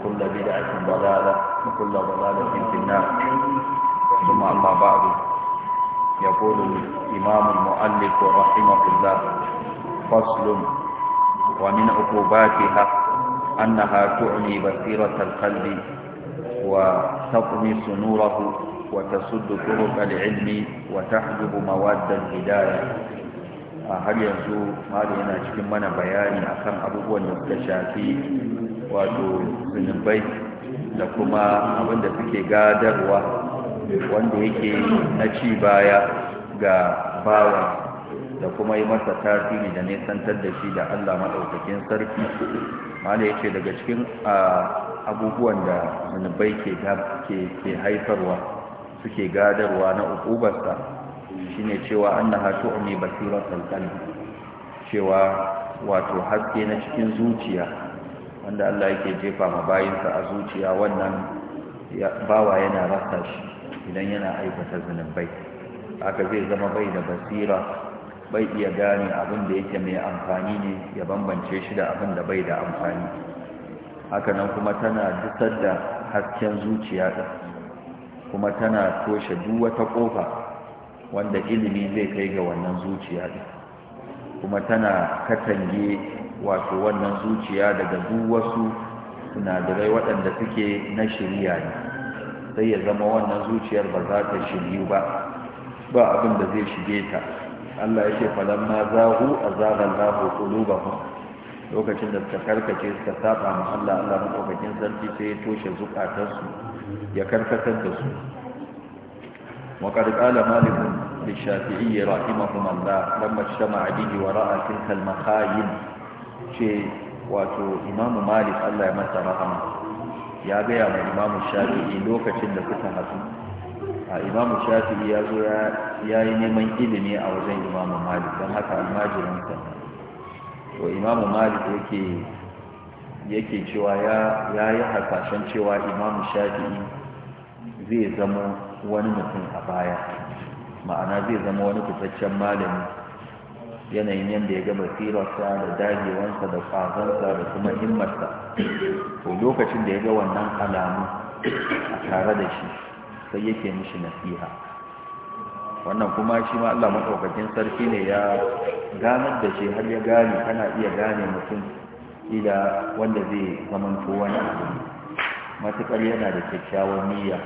وكل بدعة ضلالة وكل ضلالة في النار ثم أما بعد يقول الإمام المؤلف رحمه الله فصل ومن عقوباتها أنها تعني بصيرة القلب وتطمس نوره وتسد طرق العلم وتحجب مواد الهداية آه، هل يزور هذه أنا cikin mana بياني akan abubuwan da suka wato zunubai da kuma abinda suke gadarwa wanda yake na ci baya ga bawa da kuma yi masa tasiri da nesantar da shi da Allah maɗaukakin sarki ya yake daga cikin abubuwan da zunubai ke haifarwa suke gadarwa na ukubarsa ne cewa annaha tu'mi basirar basirar cewa wato haske na cikin zuciya wanda Allah yake jefa ma bayinsa a zuciya wannan bawa yana rasa shi idan yana aikata zunubai haka zai zama bai da basira bai iya gane abin da yake mai amfani ne ya bambance shi da abin da bai da amfani haka nan kuma tana dusar da hasken zuciya ɗin kuma tana toshe duk wata kofa, wanda ilimi zai kai ga wannan zuciya ɗin kuma tana katange wato wannan zuciya daga duwasu sunadirai sinadarai waɗanda suke na shirya ne sai ya zama wannan zuciyar ba za ta shiryu ba ba abin da zai shige ta Allah ya ce falan ma zahu azaban lahu qulubahum lokacin da suka karkace suka saba ma Allah Allah madaukakin sarki sai ya toshe zukatarsu ya karkatar da su wa qad qala malik bi shafi'i rahimahumullah lamma shama'a bihi wa ra'a ce wato imamu malik allah ya mata rahama ya gaya ma imamu shafi'i lokacin da suka hasu a imamu shafi'i ya zo ya yi neman ilimi a wajen imamu malik don haka almajirinsa to imamu malik yake yake cewa ya yi hasashen cewa imamu shafi'i zai zama wani mutum a baya ma'ana zai zama wani fitaccen malami yanayin yadda ya gaba firarsa da dagewansa da kwazansa da kuma himmarsa to lokacin da ya ga wannan alamu a tare da shi sai yake mishi nasiha wannan kuma shi ma Allah matsaukakin sarki ne ya ganar da shi har ya gane kana iya gane mutum ila wanda zai zamanto wani abu matuƙar yana da kyakkyawan niyya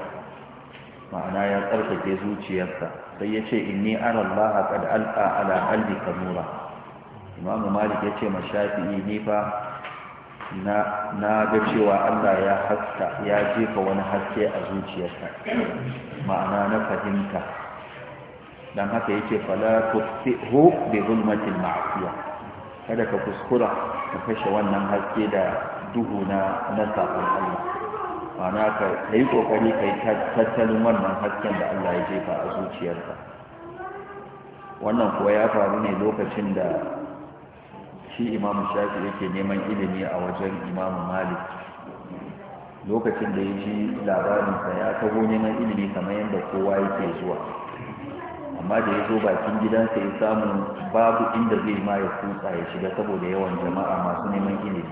ma'ana ya tsarkake zuciyarsa sai ya ce inni ana Allah kad alqa ala qalbi kamura Imam Malik ya ce mashafi'i ni fa na ga cewa Allah ya haska ya jefa wani haske a zuciyarsa ma'ana na fahimta dan haka yake fala tufihu bi zulmatil ma'siya kada ka kuskura ka kashe wannan haske da duhu na na Allah ma'ana ka yi kokari ka yi tattalin wannan hasken da Allah ya jefa a zuciyarka wannan kuwa ya faru ne lokacin da shi imamu shafi yake neman ilimi a wajen imamu malik lokacin da ya ji labarinsa ya taho neman ilimi kamar yadda kowa yake zuwa amma da ya zo bakin gidansa ya samu babu inda zai ma ya kutsa ya shiga saboda yawan jama'a masu neman ilimi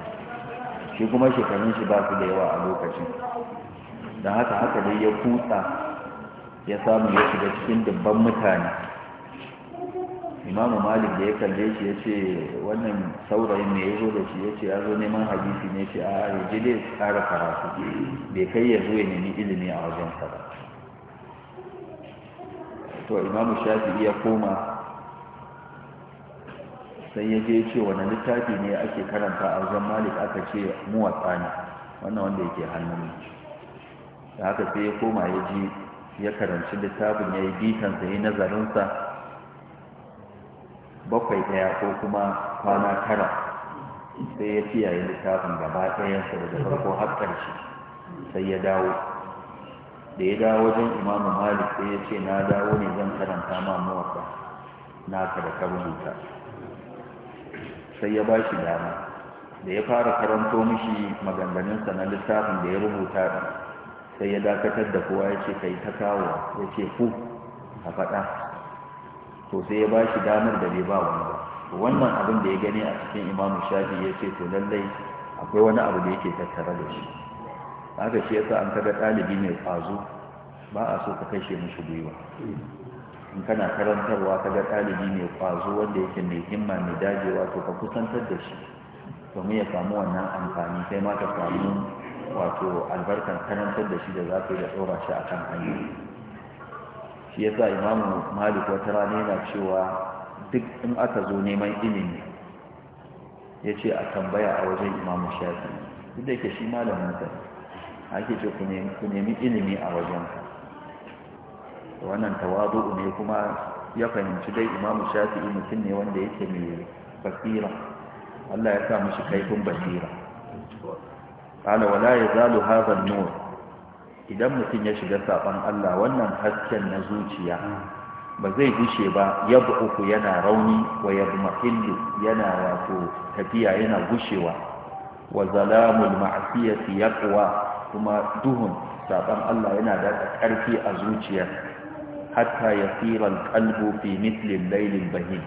shi kuma shekarun shi ba su da yawa a lokacin don haka haka dai ya kutsa ya samu ya shiga cikin dubban mutane imamu malik da ya kalle shi ya ce wannan saurayin mai ya da shi ya ce ya zo neman hadisi ne shi a ya dai tsara karatu bai kai ya zo ya nemi ilimi a wajen ba to imamu shafi ya koma sai ya je ce wani littafi ne ake karanta a wajen malik aka ce muwatsani wannan wanda yake hannun da haka sai ya koma ya ji ya karanci littafin ya yi bitansa ya yi nazarinsa bakwai ɗaya ko kuma kwana tara sai ya yi littafin gaba ɗayansa daga farko har ƙarshe sai ya dawo da ya dawo wajen imamu malik sai ya ce na dawo ne zan karanta ma mawaka ka da ka sai ya ba shi dama da ya fara karanto mishi maganganunsa na littafin da ya rubuta sai ya dakatar da kowa ya ce kai ta kawo ya ce ku a faɗa to sai ya ba shi damar da bai ba wani ba wannan abin da ya gani a cikin imamu shafi ya ce to lallai akwai wani abu da yake tattara da shi haka shi yasa an kaga ɗalibi mai ƙwazo ba a so ka kashe mishi gwiwa in kana karantarwa kaga ɗalibi mai ƙwazo wanda yake mai himma mai dajewa to ka kusantar da shi domin ya samu wannan amfani sai ma ka samu wato albarkan karantar da shi da za ka yi da tsora shi a kan hanya shi ya sa imamu malik wata rana yana cewa duk in aka zo neman ilimi ya ce a tambaya a wajen imamu shafi duk da ke shi malamin sa ake ce ku nemi ilimi a wajen ka wannan tawadu ne kuma ya fahimci dai imamu shafi mutum ne wanda yake mai basira Allah ya sa mashi kaifin basira alawala ya yazalu hadha an-nur idan mutum ya shiga saban Allah wannan hasken na zuciya ba zai gushe ba uku yana rauni wa yadmahillu yana wato tafiya yana gushewa wa zalamul ma'siyati yaqwa kuma duhun saban Allah yana da ƙarfi a zuciya hatta ya al-qalbu fi mithli al-layl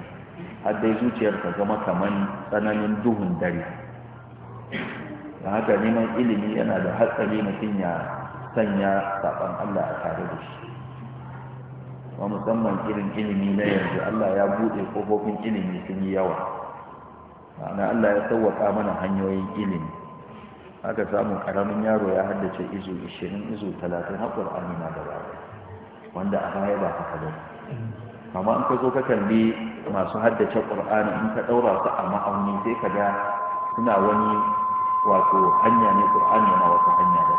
har dai zuciyar ta zama kamar tsananin duhun dare don haka neman ilimi yana da hatsari mutum ya sanya saɓon Allah a tare da shi wa musamman irin ilimi na yanzu Allah ya buɗe ƙofofin ilimi sun yi yawa ma'ana Allah ya sauwaƙa mana hanyoyin ilimi aka samu ƙaramin yaro ya haddace izu 20 izu 30 har ƙur'ani na gaba wanda a baya ba haka ba amma in ka zo ka kalli masu haddace ƙur'ani in ka ɗaura su a ma'auni sai ka ga suna wani wato hanya ne qur'ani ma wata hanya ba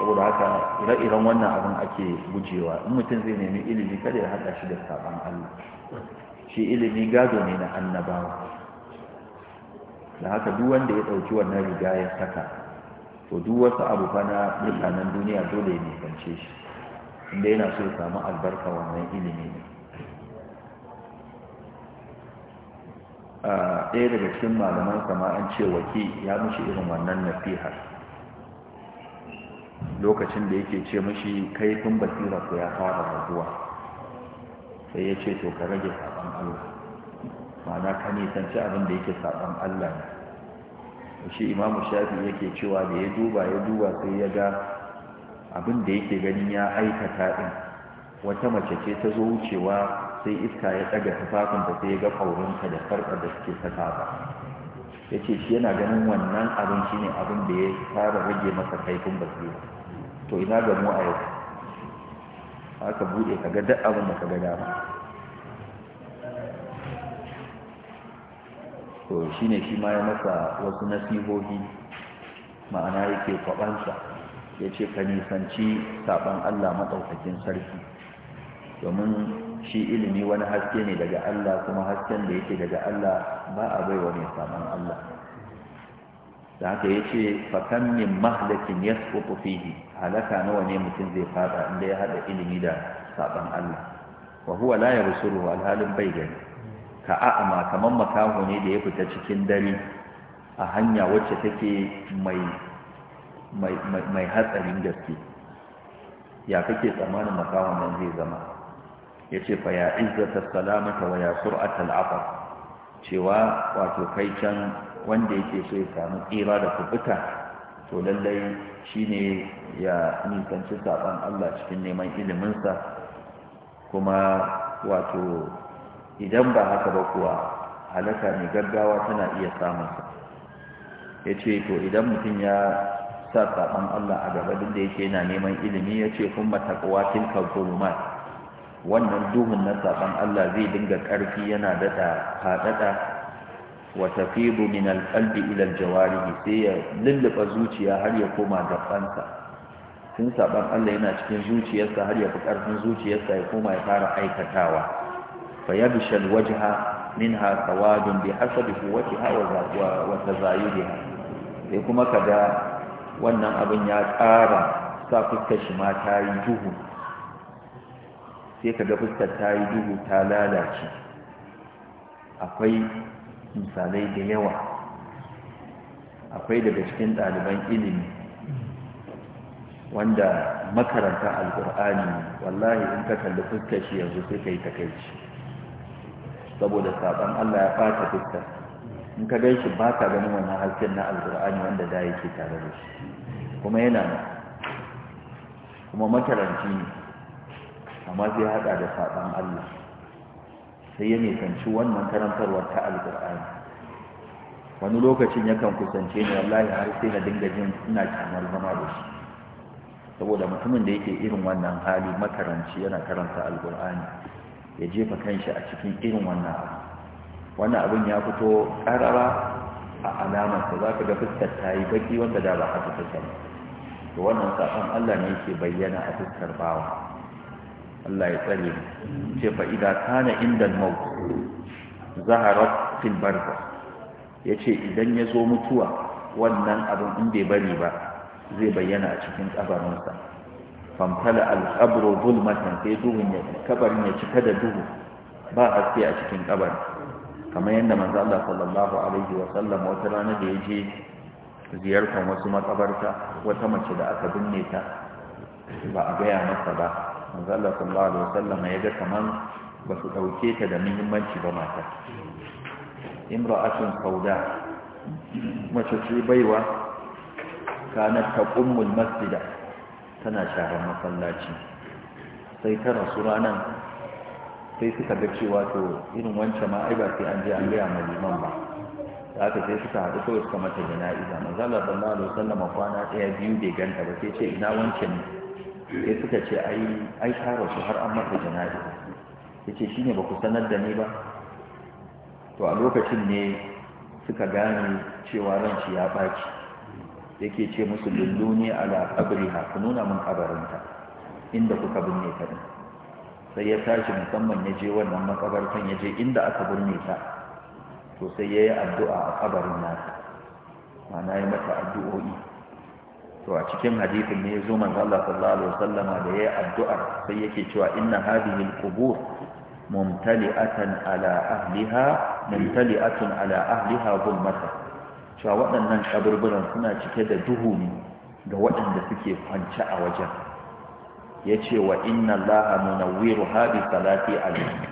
saboda haka ire-iren wannan abin ake gujewa in mutum zai nemi ilimi kada ya haɗa shi da saban Allah shi ilimi gado ne na annabawa da haka duk wanda ya ɗauki wannan riga ya saka to duk wasu abu fa na mutanen duniya dole ya nisance shi inda yana so ya samu albarka wannan ilimi ne ɗaya daga cikin malaman sama an ce waki ya mishi irin wannan nafihar. lokacin da yake ce mishi kaifin basira ku ya fara raguwa sai ya ce to ka rage saban Allah ma'ana ka nisanci abin da yake saban Allah ne shi imamu shafi yake cewa da ya duba ya duba sai ya ga abin da yake ganin ya aikata ɗin wata mace ce ta zo wucewa sai iska ya daga tufafinta sai ya ga ƙaurinka da farkar da suke saka ba ya ce shi yana ganin wannan abin shi ne abin da ya fara rage masa kaifin basira to ina ga mu a yau aka buɗe ka ga duk abin da ka ga dama to ne shi ma ya masa wasu nasihohi ma'ana yake kwabansa ya ce ka nisanci saɓon Allah maɗaukakin sarki domin shi ilimi wani haske ne daga Allah kuma hasken da yake daga Allah ba a bai wani saman Allah da haka ya ce fakan min mahlakin ya fihi halaka nawa ne mutum zai fada inda ya haɗa ilimi da saban Allah wa huwa la ya rusuru alhalin bai gani ka a'ama kamar makaho ne da ya fita cikin dare a hanya wacce take mai mai hatsarin gaske ya kake tsammanin makahon nan zai zama yace fa ya izzata salamata wa ya sur'ata al'afaf cewa wato kai can wanda yake so ya samu tsira da kubuta to lallai shine ya nisanci saban Allah cikin neman iliminsa kuma wato idan ba haka ba kuwa halaka mai gaggawa tana iya samunsa ya ce to idan mutum ya sa saban Allah a gaba duk da yake yana neman ilimi ya ce kuma tilka kalkulumat wannan duhun na saban Allah zai dinga ƙarfi yana daɗa faɗaɗa wa tafidu min alqalbi ila aljawarihi sai ya lulluɓa zuciya har ya koma gabansa tun saban Allah yana cikin zuciyarsa har ya fi ƙarfin zuciyarsa ya koma ya fara aikatawa fa yabsha alwajha minha sawadun bihasabi quwwatiha wa tazayudiha sai kuma kaga wannan abin ya ƙara sa fuskar shi ma ta yi duhu sai ka ga fuskar ta yi duhu ta lalace akwai misalai da yawa akwai daga cikin ɗaliban ilimi wanda makaranta alkur'ani wallahi in ka kalli fuskar shi yanzu sai ka yi takaici saboda saɓon allah ya ɓata fuskar in ka gan ba ka ganin wannan hasken na alkur'ani wanda da yake tare da shi kuma yana kuma makaranci ne amma zai hada da saɓan Allah sai ya nisanci wannan karantarwar ta alƙur'ani wani lokacin yakan kusance ni wallahi har sai na dinga jin ina kyamar zama da shi saboda mutumin da yake irin wannan hali makaranci yana karanta alƙur'ani ya jefa kanshi a cikin irin wannan abu wannan abin ya fito ƙarara a alamarsa za ka ga fuskar ta yi baki wanda da ba haka ta sani to wannan saƙon Allah ne yake bayyana a fuskar bawa Allah ya tsare ce fa idza kana inda maut zaharat fil barza idan ya zo mutuwa wannan abin in bai bari ba zai bayyana a cikin kabarinsa famtala al zulmatan sai duhun ya kabarin ya cika da duhu ba haske a cikin kabarin kamar yadda manzo Allah sallallahu alaihi wa wata rana da ya je ziyartar wasu makabarta wata mace da aka binne ta ba a gaya masa ba manzo Allah sallallahu alaihi wasallam ya ga kaman ba su dauke ta da muhimmanci ba mata imra'atun sauda mace ce baiwa ta taqummul masjida tana sharan masallaci sai ta rasu ranan sai suka ga cewa to irin wancan ma ai ba sai an je an gaya ma liman ba da aka sai suka haɗu kawai suka mata jana'iza manzo Allah sallallahu alaihi wasallam kwana ɗaya biyu bai ganta ba sai ce ina wancan sai suka ce ai ai tara su har an mata ce yace shine ba ku sanar da ni ba to a lokacin ne suka gane cewa ya shi ya baci yake ce musu lullu ne qabriha ku nuna min ƙabarinta, inda kuka binne ta sai ya tashi musamman ya je wannan makabartan ya je inda aka binne ta sosai sai ya yi addu'a a kabarin nasa na ya mata addu'o'i to a cikin hadisin ne zo manzo Allah sallallahu alaihi wasallama da yayi addu'a sai yake cewa inna hadhihi alqubur mumtali'atan ala ahliha mumtali'atun ala ahliha zulmata cewa waɗannan kaburburan suna cike da duhu ne ga waɗanda suke kwance a wajen yace wa inna allaha munawwiru hadi salati alayhi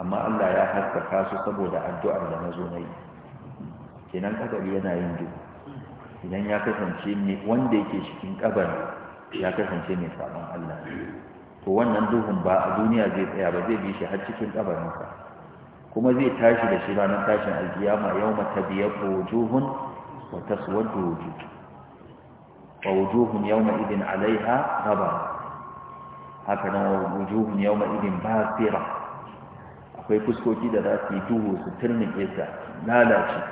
amma Allah ya haskaka su saboda addu'ar da nazo nayi kenan kadari yana yin duhu idan ya kasance ne wanda yake cikin kabari ya kasance mai sabon Allah to wannan duhun ba a duniya zai tsaya ba zai bi shi har cikin kabarinsa kuma zai tashi da shi ranar tashin alkiyama yawma tabyaqu wujuhun wa taswaddu wujuh wa wujuhun yawma idin 'alayha ghadab haka nan wa wujuhun yawma idin basira akwai fuskoki da za su yi duhu su turmike sa lalace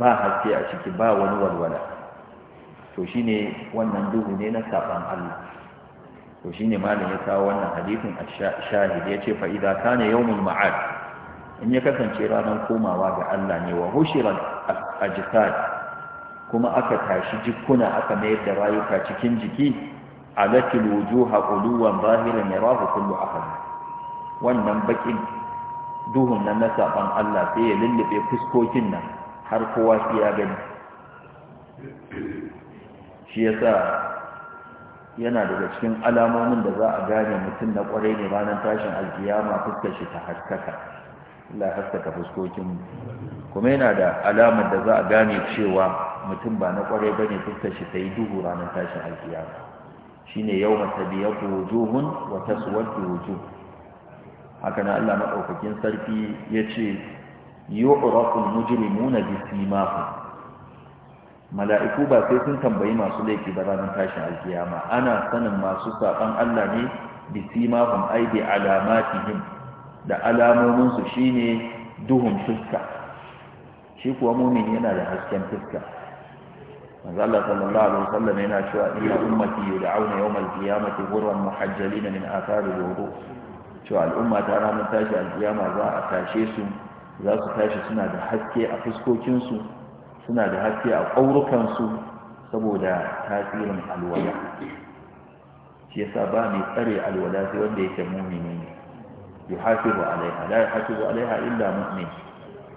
ba haske a ciki ba wani walwala to shine wannan duhu ne na saɓan Allah to shine malam ya kawo wannan hadisin ash-shahid yace fa idza kana yawmul ma'ad in ya kasance ranar komawa ga Allah ne wa a ajsad kuma aka tashi jikuna aka mayar da rayuka cikin jiki alatil wujuha quluwan zahiran yarahu kullu hannu. wannan bakin duhun nan na saɓan Allah sai ya lullube fuskokin nan har kowa sai ya gani shi yana daga cikin alamomin da za a gane mutum na kwarai ne ranar tashin alkiyama fuskar shi ta haskaka Allah haskaka fuskokin kuma yana da alamar da za a gane cewa mutum ba na kwarai bane fuskar shi ta yi duhu ranar tashin alkiyama shine yawma tabiyatu wujuhun wa taswaddu wujuh haka na Allah madaukakin sarki yace yu'rafu al-mujrimuna bisimahum mala'iku ba sai sun tambayi masu laifi ba ranar tashin alkiyama ana sanin masu saɓan Allah ne bi simahum ai bi alamatihim da alamomin shine duhun fuska shi kuwa mumin yana da hasken fuska manzo Allah sallallahu alaihi wasallam yana cewa inna ummati yud'auna yawm al-qiyamati ghurran muhajjalin min athar al-wudu cewa al'umma ta ranar tashin alkiyama za a tashe su za su tashi suna da haske a fuskokin su suna da haske a ƙaurukansu saboda tasirin alwala shi yasa ba mai tsare alwala sai wanda yake mumini ne yuhafizu alaiha la yuhafizu alaiha illa mu'min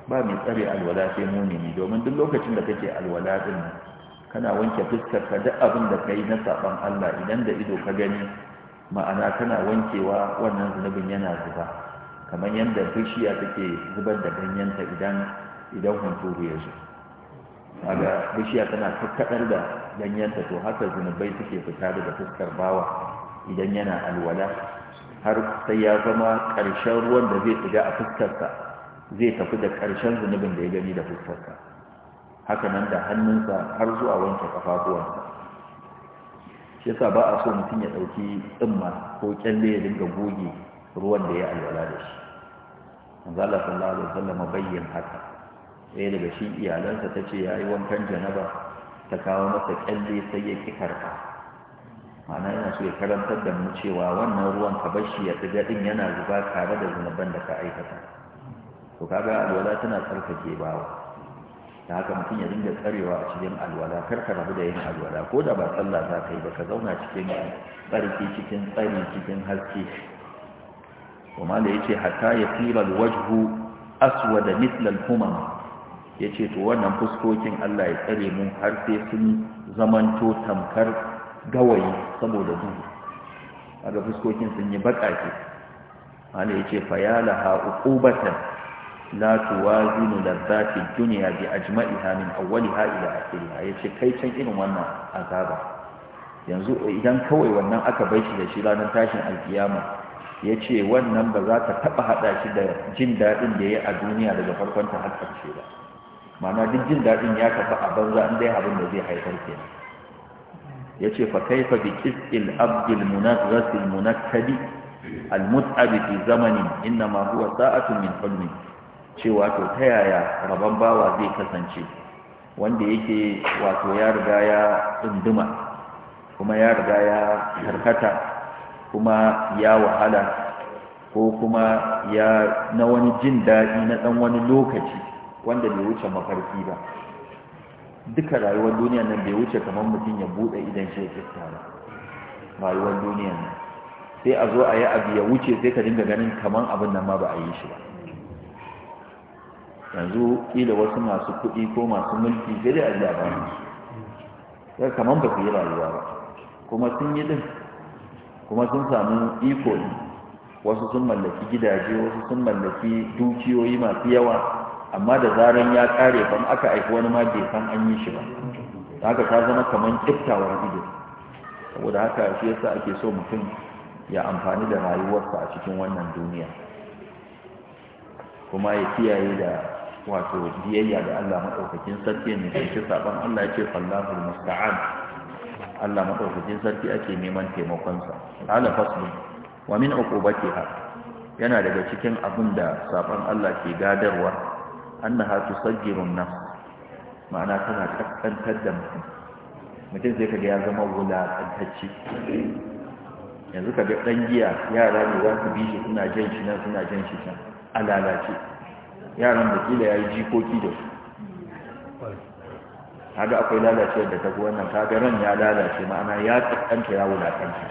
ba mai tsare alwala sai mumini domin duk lokacin da kake alwala din kana wanke fuskar ka duk abin da kai na saban Allah idan da ido ka gani ma'ana kana wankewa wannan zunubin yana zuba kamar yadda bishiya take zubar da ganyenta idan idan hunturu ya zo daga bishiya tana kakkadar da ganyenta to haka zunubai suke fita daga fuskar bawa idan yana alwala har sai ya zama ƙarshen ruwan da zai tsiga a fuskarsa zai tafi da ƙarshen zunubin da ya gani da fuskarsa haka nan da hannunsa har zuwa wanke kafafuwansa shi yasa ba a so mutum ya ɗauki tsimma ko kyalle ya dinga goge ruwan da ya alwala da shi manzo Allah sallallahu alaihi wasallam bayyana haka ɗaya daga shi iyalansa ta ce ya yi wankan janaba ta kawo masa ƙyalle sai ya ƙi karɓa ma'ana yana so ya karantar da mu cewa wannan ruwan ka bar shi ya ɗiga ɗin yana zuba tare da zunuban da ka aikata to ga alwala tana tsarkake bawa da haka mutum ya dinga tsarewa a cikin alwala kar ka rabu da yin alwala ko da ba sallah za ka yi ba ka zauna cikin tsarki cikin tsari cikin haske kuma da ce hatta ya tira wajhu aswada mithla humama ya ce to wannan fuskokin Allah ya tsare mun har sai sun zamanto tamkar gawayi saboda duhu aga fuskokin sun yi bakake Allah ya ce fayalaha duniya la a jima'i dunya bi ajma'iha min awwaliha ila ya ce kai can irin wannan azaba yanzu idan kawai wannan aka bai shi da shi ranar tashin alkiyama ya ce wannan ba za ta taɓa haɗa shi da jin daɗin da ya yi a duniya daga farkon ta har ba Mana duk jin daɗin ya kafa a banza in dai abin da zai haifar ke ya ce fa kaifa fa qisqil abdil munazzas al munakkabi al fi zamanin inna ma huwa sa'atun min hulmi cewa to ta yaya rabon bawa zai kasance wanda yake wato ya riga ya tsunduma kuma ya riga ya karkata kuma ya wahala ko kuma ya na wani jin daɗi na ɗan wani lokaci wanda bai wuce mafarki ba duka rayuwar duniya nan bai wuce kamar mutum ya bude idan shi ya kista ba rayuwar duniya nan sai a zo a yi abu ya wuce sai ka dinga ganin kamar abin nan ma ba a yi shi ba yanzu ƙila wasu masu kuɗi ko masu mulki sai dai a ji a bayan kamar ba su yi rayuwa ba kuma sun yi din kuma sun samu iko wasu sun mallaki gidaje wasu sun mallaki dukiyoyi masu yawa amma da zaran ya kare ban aka aiki wani ma bai san an yi shi ba haka ta zama kamar kiftawar ido saboda haka shi yasa ake so mutum ya amfani da rayuwarsa a cikin wannan duniya kuma ya kiyaye da wato biyayya da Allah maɗaukakin sarki ne sai shi saban Allah yake fallahul musta'an Allah maɗaukakin sarki ake neman taimakon sa ala wa min uqubatiha yana daga cikin abin da saban Allah ke gadarwa annaha tusajjiru nafs ma'ana tana kaskantar da mutum mutum sai kaga ya zama tantacci yanzu kaga dan giya yara ne za su bi shi suna jan shi nan suna jan shi can a lalace yaran da kila ya yi jikoki da su kaga akwai lalace da ta ga wannan kaga ran ya lalace ma'ana ya kaskanta ya wulaƙanta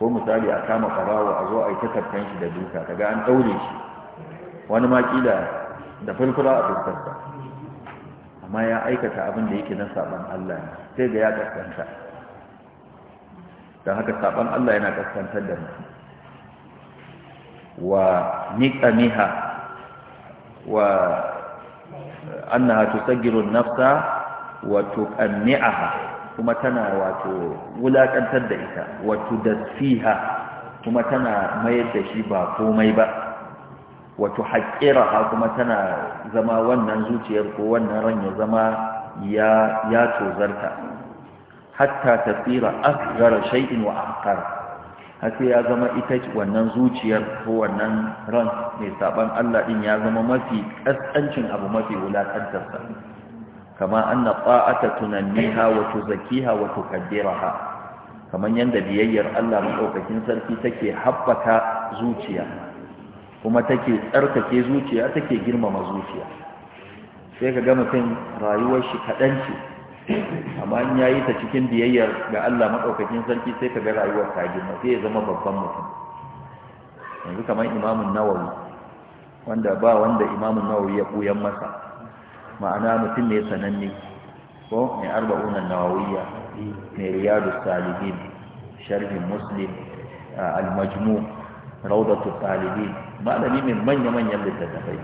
ko misali a kama farawa a zo a yi takarkan shi da duka kaga an ɗaure shi wani ma kila da furfura a fuskarsa amma ya aikata abin da yake na saban Allah ne sai da ya kaskanta don haka saban Allah yana kaskantar da mutum wa niqamiha wa eh, annaha tusaggiru an-nafsa wa tuqanni'aha kuma tana wato wulaƙantar da ita wa tudasfiha kuma tana mayar da shi ba komai ba wato haƙƙiraha kuma tana zama wannan zuciyar ko wannan ran ya zama ya tozarta hatta tasira asghara shay'in wa ahqar haka ya zama ita wannan zuciyar ko wannan ran mai saban Allah ɗin ya zama mafi kaskancin abu mafi wulakantar sa kama anna ta'ata tunanniha wa wato wa tukaddiraha kaman yadda biyayyar Allah madaukakin sarki take haɓaka zuciya kuma take tsarkake zuciya take girmama zuciya sai ka ga mutum rayuwar shi kaɗan ce amma in ya yi ta cikin biyayyar ga Allah maɗaukakin sarki sai ka ga rayuwar ta girma sai ya zama babban mutum yanzu kamar imamun nawawi wanda ba wanda imamun nawawi ya ɓuyan masa ma'ana mutum ne sananne ko mai arba'unan nawawiyya mai riyadu salihin sharhin muslim al-majmu rawdatu talibin malami mai manya-manyan littattafai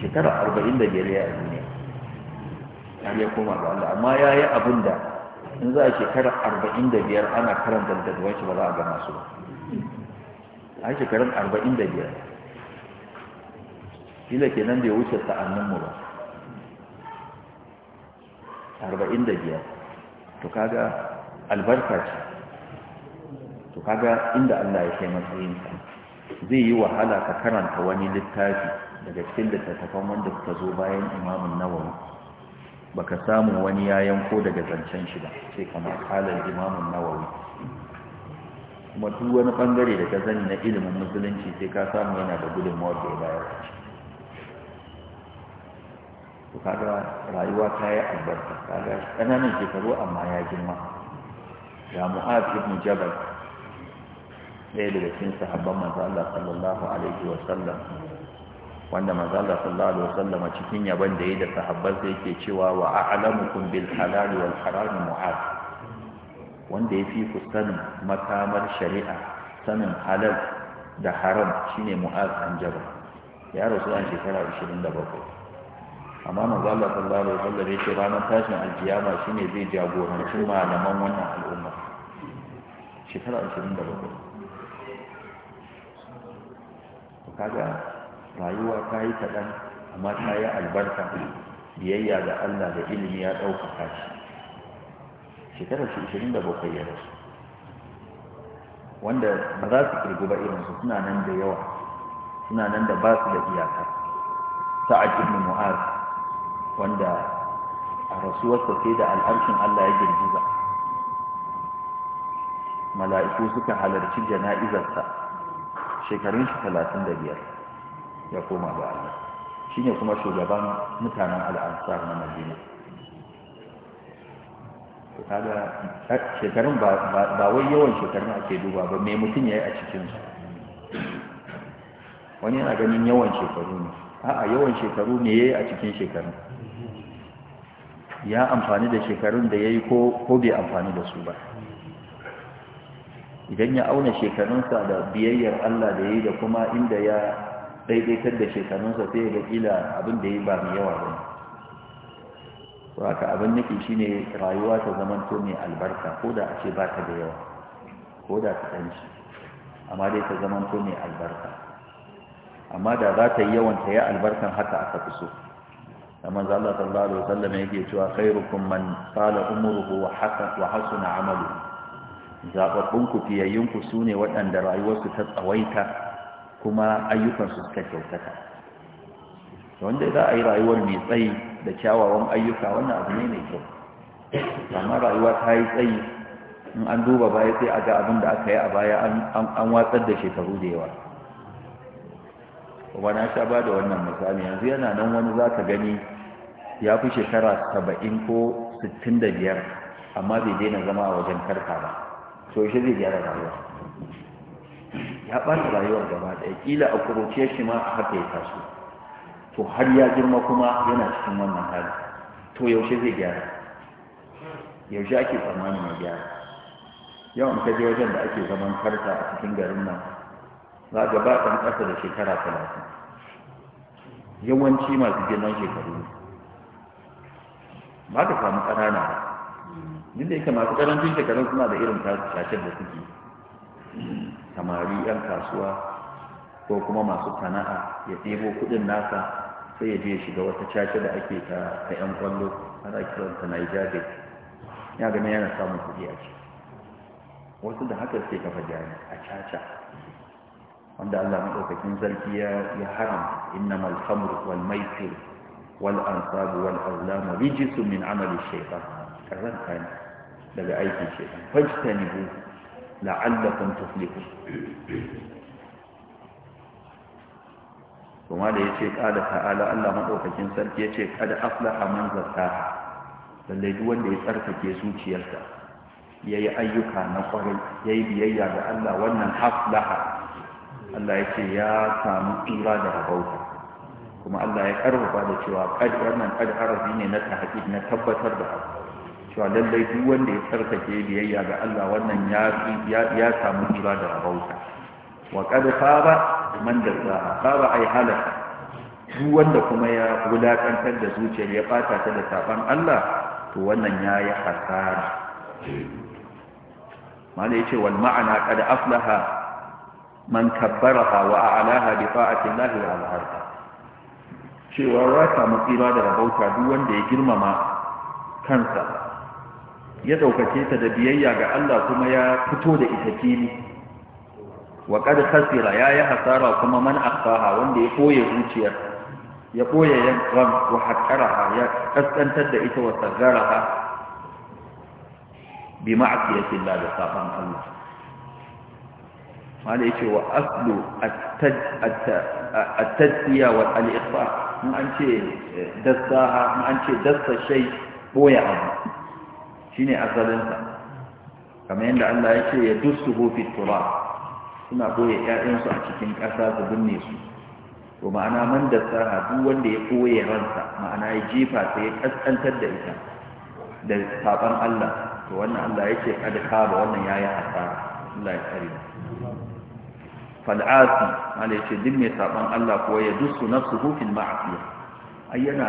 shekara arba'in da biyar ya yi duniya ya yi koma ga Allah amma ya yi abin da in za a shekara arba'in da biyar ana karanta littattafai shi ba za a gama su ba a shekarun arba'in da biyar kila kenan bai wuce sa'anninmu ba arba'in da biyar to kaga albarka ce to kaga inda Allah ya kai matsayinsa zai yi wahala ka karanta wani littafi daga cikin littattafan wanda suka zo bayan imamun nawawi baka samu wani yayan ko daga zancen shi ba sai kama kalar imamun nawawi kuma duk wani bangare da ka na ilimin musulunci sai ka samu yana da gudunmawar da ya bayar a su rayuwa ta yi albarka kaga ƙananan shekaru amma ya girma ga mu'afi ibn jabal ɗaya daga cikin sahabban manzo sallallahu alaihi wa sallam wanda manzo sallallahu alaihi wa cikin yaban da yayi da sahabban sai yake cewa wa a'lamukum bil halal wal haram mu'ad wanda ya fi ku sanin makamar shari'a sanin halal da haram shine mu'ad an jaba ya rasu an shekara 27 amma manzo sallallahu alaihi wasallam ce ranar tashin alkiyama shine zai jagoranci malaman wannan al'umma shekara 27 kaga rayuwa ta yi kaɗan amma ta yi albarka biyayya ga Allah da ilimi ya ɗaukaka shi shekarar shi da bakwai ya rasu wanda ba za su kirgu ba irinsu suna nan da yawa suna nan da ba su da iyaka sa'ad ibn mu'az wanda a rasuwarsa sai da al'arshin Allah ya girgiza mala'iku suka halarci jana'izarsa shekarun shi talatin da biyar ya koma ga Allah shi ne kuma shugaban mutanen al'ansar na madina eh, shekarun ba wai yawan shekarun ake duba ba mai mutum ya yi a cikinsu wani yana ganin yawan shekaru ne a'a yawan shekaru ne ya yi a cikin shekarun ya amfani da shekarun da ya yi ko bai amfani da su ba idan ya auna shekarunsa da biyayyar Allah da ya yi da kuma inda ya daidaitar da shekarunsa sai da kila abin da ya ba mai yawa ba to haka abin shi ne rayuwa ta zaman to mai albarka ko da a ce ba ta da yawa ko da ta ɗanci amma dai ta zaman to mai albarka amma da za ta yi yawan ta ya albarkan haka aka fi so kamar zalla sallallahu alaihi wasallam yake cewa khairukum man qala umruhu wa hasuna amaluhu zaɓaɓɓun ku fiyayyunku su ne waɗanda rayuwarsu ta tsawaita kuma ayyukansu suka kyautata wanda za a yi rayuwar mai tsayi da kyawawan ayyuka wannan abu ne mai kyau amma rayuwa ta yi tsayi in an duba baya sai a ga abin da aka yi a baya an watsar da shekaru da yawa kuma na sha ba da wannan misali yanzu yana nan wani za ka gani ya fi shekara saba'in ko sittin da biyar amma bai daina zama a wajen karka ba to shi zai gyara rayuwa ya ɓata rayuwar gaba ɗaya ƙila a kuruciyar shi ma a haka ya taso to har ya girma kuma yana cikin wannan hali to yaushe zai gyara yaushe ake tsammanin mai gyara yawan ka je wajen da ake zaman karta a cikin garin nan za ga ba ɗan ƙasa da shekara talatin yawanci masu girman shekaru ba ta samu ƙanana duk da yake masu karancin shekarun suna da irin cacar da suke samari yan kasuwa ko kuma masu sana'a ya ɗebo kuɗin nasa sai ya je ya shiga wata caca da ake ta ta yan kwallo ana kiranta nigeria ya gani yana samun kuɗi a ciki wasu da haka suke kafa jari a caca wanda Allah ɗaukakin sarki ya haram innamal khamr wal maisir wal ansab wal azlam rijisun min amali shaytan karanta ne daga aiki shi fajtanibu la'allakum tuflihun kuma da yace qala ta'ala Allah madaukakin sarki yace kada aflaha man zakkaha lalle duk wanda ya tsarkake zuciyarsa yayi ayyuka na kwarai yayi biyayya ga Allah wannan aflaha Allah yace ya samu tsira da rabauta kuma Allah ya karfafa da cewa kad wannan kad harasi ne na tahqiq na tabbatar da abu cewa lallai duk wanda ya tsarkake biyayya ga Allah wannan ya samu tsira da rabauta wa qad fara man da fara ai halaka duk wanda kuma ya wulakantar da zuciyar ya fata ta da saban Allah to wannan ya yayi hasara mana yace wal ma'ana qad aflaha man kabbaraha wa a'laha bi ta'ati Allah wa al-harba cewa ya samu tsira da rabauta duk wanda ya girmama kansa ya ɗaukace ta da biyayya ga Allah kuma ya fito da ita fili wa kad khasira ya yi hasara kuma man aqsaha wanda ya koye zuciyar ya koye yan ram wa haqqaraha ya kaskantar da ita wa sagaraha bi ma'siyati Allah da safan Allah wanda yake wa aslu at-tadsiya wa al-ikhfa in an ce dassaha in an ce dassa shay boye abu shine asalinsa kamar yadda Allah ya ce ya dusuhu fi turab suna boye ƴaƴansu a cikin ƙasa su binne su to ma'ana man da saha duk wanda ya koye ransa ma'ana ya jefa ta ya ƙasƙantar da ita da saban Allah to wannan Allah ya yake kada kaba wannan ya yi hasara Allah ya kare fal'asi ya ce, duk mai saban Allah kuwa ya dusu nafsuhu fil ma'asiya ai yana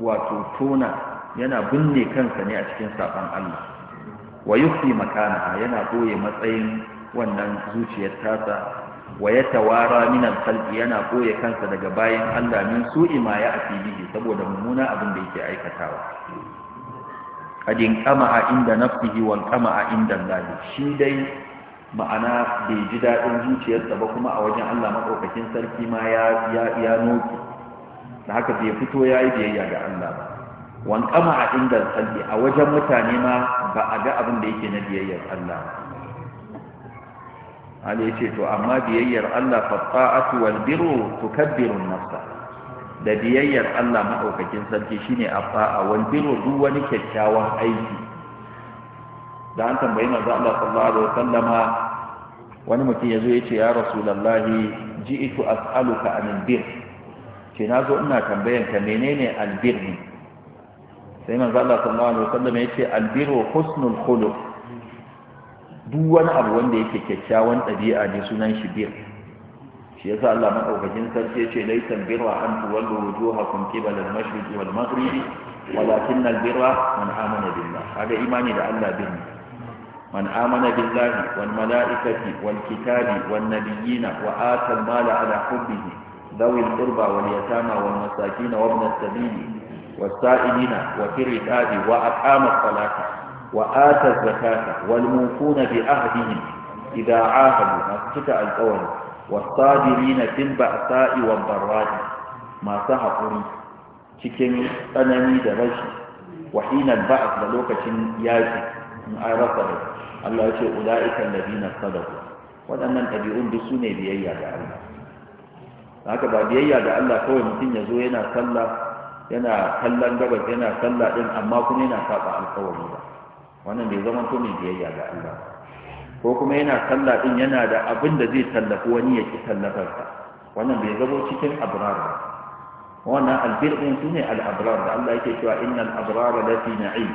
wato tona yana binne kansa ne a cikin saban Allah wa yufi makana yana boye matsayin wannan zuciyar tasa wa ya tawara min al-khalqi yana boye kansa daga bayan Allah min su'i ma ya afibihi saboda mummuna abin da yake aikatawa kadin a inda nafsihi wal a inda Allah shi dai ma'ana bai ji dadin zuciyarsa ba kuma a wajen Allah madaukakin sarki ma ya ya ya noki da haka bai fito yayi biyayya ga Allah ba wankama a inda salli a wajen mutane ma ba a ga abin da yake na biyayyar Allah Allah ya ce to amma biyayyar Allah fatta'atu wal birru tukabbirun nafsa da biyayyar Allah madaukakin sarki shine a wal birru duk wani kyakkyawan aiki da an tambayi manzo Allah sallallahu alaihi wasallama wani mutum yazo ya ce ya rasulullahi ji'itu as'aluka anil bir ce zo ina tambayanka menene albirri sai manzo Allah sallallahu alaihi wasallam yace albiru husnul khuluq duk wani abu wanda yake kyakkyawan ɗabi'a ne sunan shi bir shi yasa Allah madaukakin sarki yace laysa birra an tuwallu wujuhakum qibala al-mashriq wal maghribi walakin al-birra man amana billah kaga imani da Allah bin man amana billahi wal malaikati wal kitabi wan nabiyina wa ata al-mala ala hubbihi ذوي القربى واليتامى والمساكين وابن السبيل والسائلين وفي الرقاب وأقام الصلاة وآتى الزكاة والموفون بأهدهم إذا عاهدوا مسكت القول والصابرين في البأساء والضراء ما سحقوا cikin tsanani da rashi wa hinal ba'd da lokacin yaji in an rasa rai Allah ya ce ulaika alladina sadaqu waɗannan ɗabi'un duk sune biyayya ga Allah haka ba biyayya da Allah kawai mutum ya zo yana sallah yana kallon gabas yana sallah din amma kuma yana saba alƙawari ba wannan bai zama to mai biyayya ga Allah ko kuma yana sallah din yana da abin da zai tallafi wani ya ki tallafarsa wannan bai zama cikin abrar ba wannan albir din sune al-abrar da Allah yake cewa innal abrara lafi na'im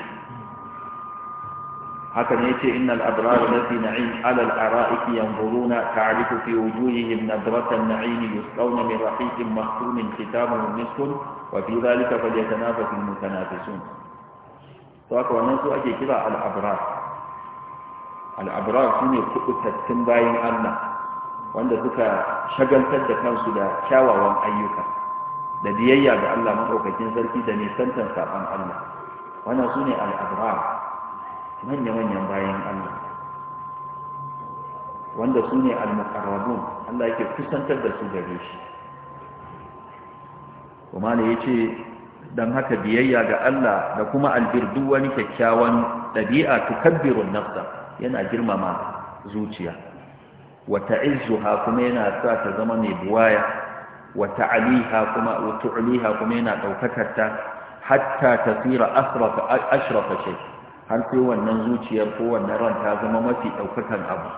haka ne yace innal abrara lafi na'im ala al-ara'ik yanzuruna ta'rifu fi wujuhihim nadratan na'im yusqawna min rahiqin mahtumin kitabun miskun wa fi zalika falyatanafasu almutanafisun to aka wannan su ake kira al-abrar al-abrar sune kubutattun bayin Allah wanda suka shagaltar da kansu da kyawawan ayyuka da biyayya ga Allah maɗaukakin sarki da nisantar saɓon Allah wannan su ne al'abrar manya-manyan bayan Allah wanda su ne al-muqarrabun Allah yake kusantar da su gare shi kuma ya yace dan haka biyayya ga Allah da kuma albirdu wani kyakkyawan dabi'a tukabbiru nafsa yana girmama zuciya wata ta'izzuha kuma yana sa ta zama mai buwaya wata aliha kuma wa tu'liha kuma yana daukakar ta hatta tasira asrafa ashrafa shi har sai wannan zuciyar ko wannan ran ta zama mafi ɗaukakan abu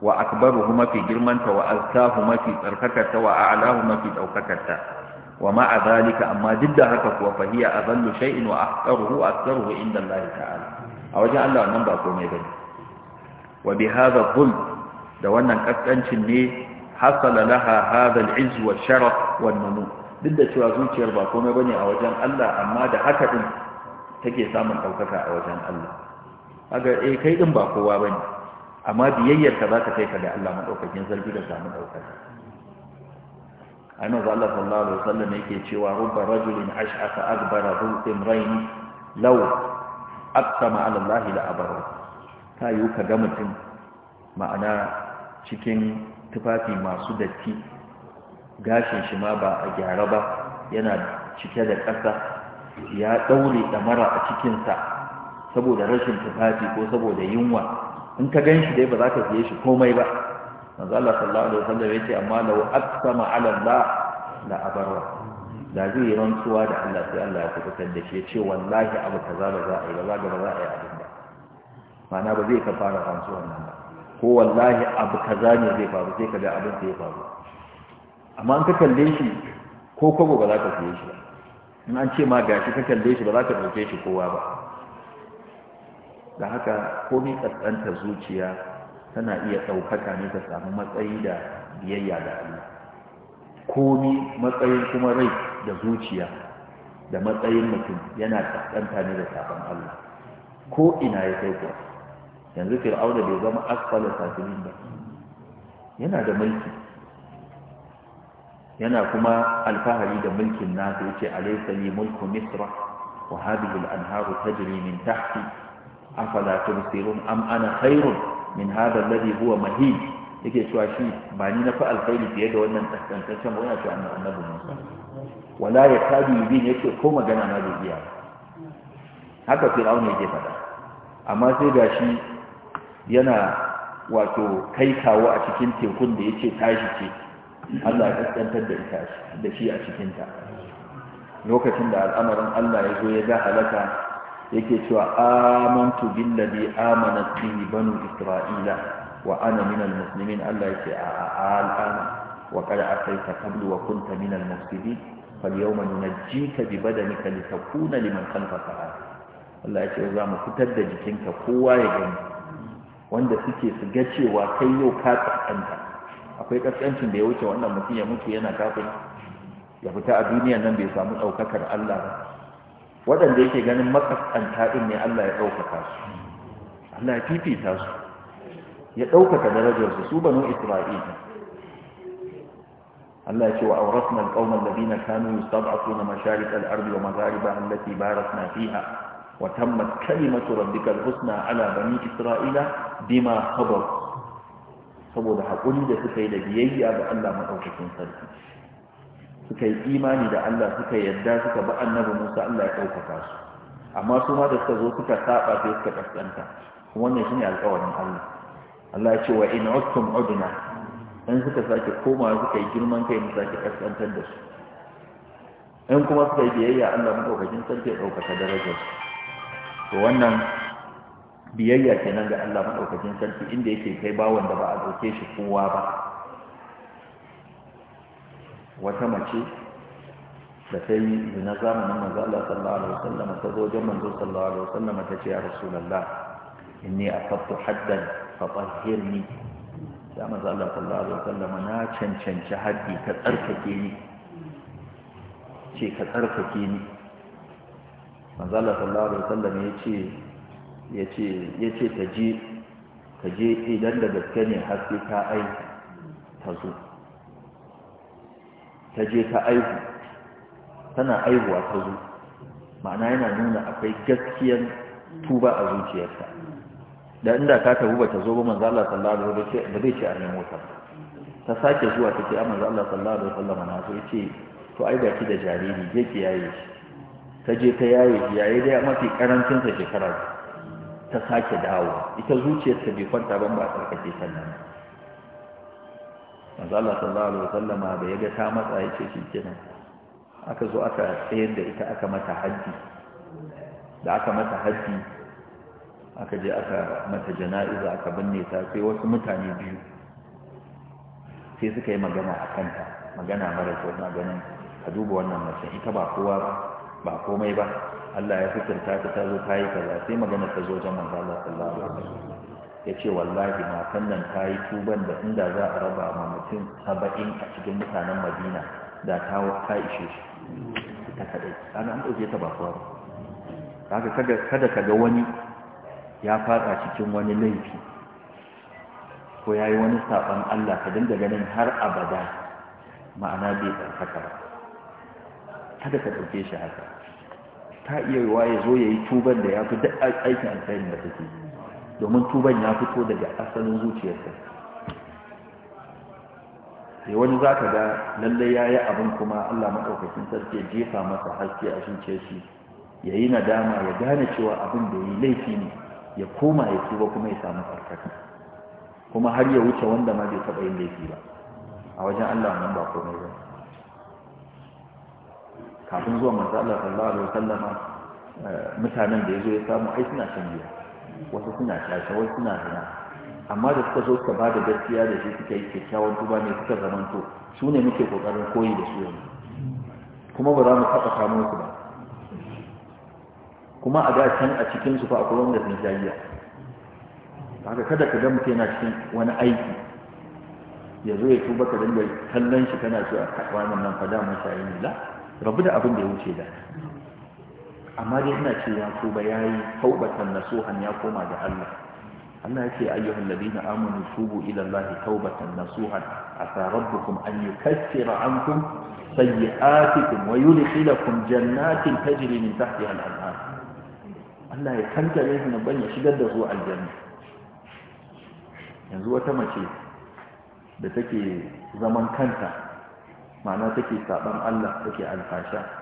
wa akbaruhu mafi girmanta wa azkahu mafi tsarkakarta wa a'lahu mafi ɗaukakarta wa ma'a zalika amma duk da haka kuwa fahiya azallu shay'in wa ahqaruhu aktharuhu inda Allah ya ta'ala a wajen Allah wannan ba komai ba ne. wa bi hadha bul da wannan kaskancin ne hasala laha hadha al-izz wa sharaf wa nunu duk da cewa zuciyar ba komai bane a wajen Allah amma da haka din take samun ɗaukaka a wajen Allah kaga eh kai din ba kowa bane amma biyayyar ka za ta kai ka da Allah madaukakin sarki da samu daukaka ai Allah sallallahu alaihi wasallam yake cewa rubba rajulin ashaka akbara dhul imrayn law aqsama ala Allah la ta yi ka ga mutum ma'ana cikin tufafi masu datti gashin shi ma ba a gyara ba yana cike da ƙasa ya ɗaure damara a cikinsa saboda rashin tufafi ko saboda yunwa in ka gan shi dai ba za ka fiye shi komai ba manzo Allah sallallahu alaihi wasallam yace amma law aqsama ala Allah la abarra da zai yi rantsuwa da Allah sai Allah ya kubutar da shi yace wallahi abu kaza ba za a yi ba za ga ba za a yi abin ba ma'ana ba zai ka fara rantsuwan nan ba ko wallahi abu kaza ne zai faru sai kaga abin sai ya faru amma an ka kalle shi ko kwabo ba za ka siye shi ba in an ce ma gashi ka kalle shi ba za ka ɗauke shi kowa ba da haka komai ƙasƙantar zuciya tana iya ɗaukaka ne ta samu matsayi da biyayya da Allah komi matsayin kuma rai da zuciya da matsayin mutum yana tsakanta ne da sabon Allah ko ina ya kai kuwa yanzu fir'auna bai zama asfalin safilin ba yana da mulki yana kuma alfahari da mulkin nasa ce alaysa li mulku misra wa hadhihi anharu tajri min tahti afala tubsirun am ana khairun min hada alladhi huwa mahin yake cewa shi ba ni na fa alkhairi fiye da wannan tsakantaccen ba yana cewa annabi Musa wala ya kadu yubin yake ko magana na rubiya haka fir'aun yake faɗa amma sai gashi yana wato kai kawu a cikin tekun da ce tashi ce Allah ya kaskantar da ita da shi a cikin ta lokacin da al'amarin Allah ya zo ya ga halaka yake cewa amantu billazi amana bi banu isra'ila wa ana minal muslimin Allah yake a al'ana wa qad asaita qablu wa kunta minal mufsidin falyawma nunajjika bi badanika litakuna liman khalfaka Allah yake za mu fitar da jikinka kowa ya gani wanda suke su ga cewa kai yau ka tsakanta akwai kaskancin da ya wuce wannan mutum ya mutu yana kafin ya fita a duniya nan bai samu daukakar Allah ba waɗanda yake ganin makaskanta ɗin ne Allah ya ɗaukaka su Allah ya fifita su ya ɗaukaka darajarsu su banu isra'ila Allah ya ce wa auratna alqawma alladhina kanu yustad'afuna masharik al-ardi wa magharibaha allati na fiha wa tammat kalimatu rabbika husna ala bani isra'ila bima sabaru saboda haƙuri da suka yi da biyayya ga Allah maɗaukacin sarki suka yi imani da Allah suka yarda suka bi annabi Musa Allah ya ɗaukaka su amma su ma da suka zo suka saba sai suka kaskanta wannan shine alƙawarin Allah Allah ya ce wa in uttum udna in suka sake koma suka yi girman kai mu sake kaskantar da su in kuma suka yi biyayya Allah madaukakin sarki ya ɗaukaka darajar su to wannan biyayya kenan ga Allah madaukakin sarki inda yake kai bawon da ba a ɗauke shi kowa ba wata mace da ta yi zina zamanin manzo Allah sallallahu alaihi wasallam ta zo wajen manzo sallallahu alaihi wasallam ta ce ya rasulullah inni aqattu haddan fa tahhirni da manzo Allah sallallahu alaihi wasallam na cancanci haddi ka tsarkake ni ce ka tsarkake ni manzo Allah sallallahu alaihi wasallam ya ce ya ce ya ce ta je ta je idan da gaske ne har sai ta aika ta zo ta je ta aihu tana aihuwa ta zo ma'ana yana nuna akwai gaskiyar tuba a zuciyarsa da inda ta tabu ba ta zo ba manzo Allah sallallahu alaihi wasallam ba zai ce a nemo ta ta sake zuwa ta ce a manzo Allah sallallahu alaihi wasallam na so yace to ai baki da jariri je ki yaye shi ta je ta yaye shi yaye dai mafi karancin sa shekara ta sake dawo ita zuciyarta bai kwanta ban ba a tsarkake sannan manzo Allah sallallahu alaihi wasallama da yaga ta matsa yace shikenan aka zo aka tsayar da ita aka mata haji da aka mata haji aka je aka mata jana'iza aka binne ta sai wasu mutane biyu sai suka yi magana a kanta magana mara kyau na ganin A duba wannan mace ita ba kowa ba ba komai ba Allah ya fitar ta ta zo ta yi kaza sai magana ta zo jan manzo Allah sallallahu alaihi wasallam ya ce wallahi matan nan ta yi tuban da inda za a raba ma mutum saba'in a cikin mutanen madina da ta ta ishe shi ta kaɗai an an ɗauke ta ba kuwa ba kada ka ga wani ya faɗa cikin wani laifi ko ya yi wani saɓon allah ka dinga ganin har abada ma'ana bai ɗarkaka ba kada ka ɗauke shi haka ta iya wa ya zo ya yi tuban da ya fi duk aikin alkhairin da take yi domin tuban ya fito daga asalin zuciyarsa sai wani za ka ga lallai ya yi abin kuma allah maɗaukakin sarki ya jefa masa haske a zuciyar shi ya yi nadama ya gane cewa abin da ya yi laifi ne ya koma ya tuba kuma ya samu tsarkaka kuma har ya wuce wanda ma bai taɓa yin laifi ba a wajen allah nan ba komai ba kafin zuwa manzo allah sallallahu alaihi wasallama eh, mutanen da ya zo ya samu ai suna shan giya wasu suna tasha wasu suna zina amma da suka zo suka da gaskiya da shi suka yi kyakkyawan tuba ne suka zamanto su ne muke kokarin koyi da su yanzu kuma ba za mu taɓa kamo su ba kuma a ga can a cikin su fa akwai wanda sun jayya haka kada ka ga mutum yana cikin wani aiki ya zo ya tuba ka dinga kallon shi kana cewa wannan nan fa da mun shayi ne la rabu da abin da ya wuce da amma dai ina cewa ko ba yayi taubatan nasuhan ya koma ga Allah Allah ya ce ayyuhal ladina amanu tubu ila Allahi taubatan nasuhan asa rabbukum an yukaffira ankum sayyi'atikum wa yudkhilakum jannatin tajri min tahtiha al-anhar Allah ya kankare su ban ya shigar da zuwa aljanna yanzu wata mace da take zaman kanta ma'ana take saban Allah take alfasha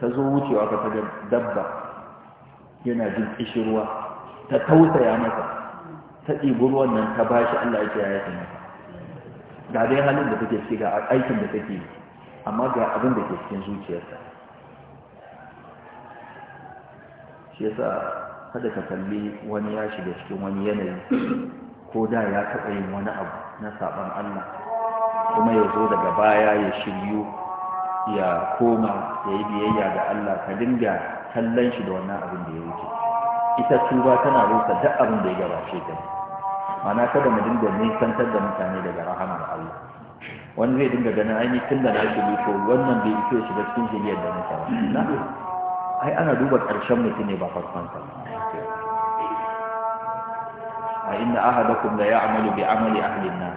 ta zo wucewa ka ta dabba yana jin ruwa. ta tausaya masa ta ɗibi ruwan nan ta bashi Allah yake ya yi masa ga dai halin da take ciki ga aikin da take yi amma ga abin da ke cikin zuciyarsa shi yasa kada ka kalli wani ya shiga cikin wani yanayi ko da ya taɓa yin wani abu na saɓon Allah kuma ya zo daga baya ya shiryu ya koma ya yi biyayya ga Allah ka dinga kallon shi da wannan abin da ya wuce ita tuba tana rusa duk abin da ya gabace ta mana kada mu dinga nisantar da mutane daga rahamar Allah wani zai dinga ganin ainihin tun da na shigo wannan bai iso shi ba cikin shiriyar da na tawa ai ana duba ƙarshen mutum ne ba farkon sa a inna ahadakum la ya'malu bi amali ahli an-nar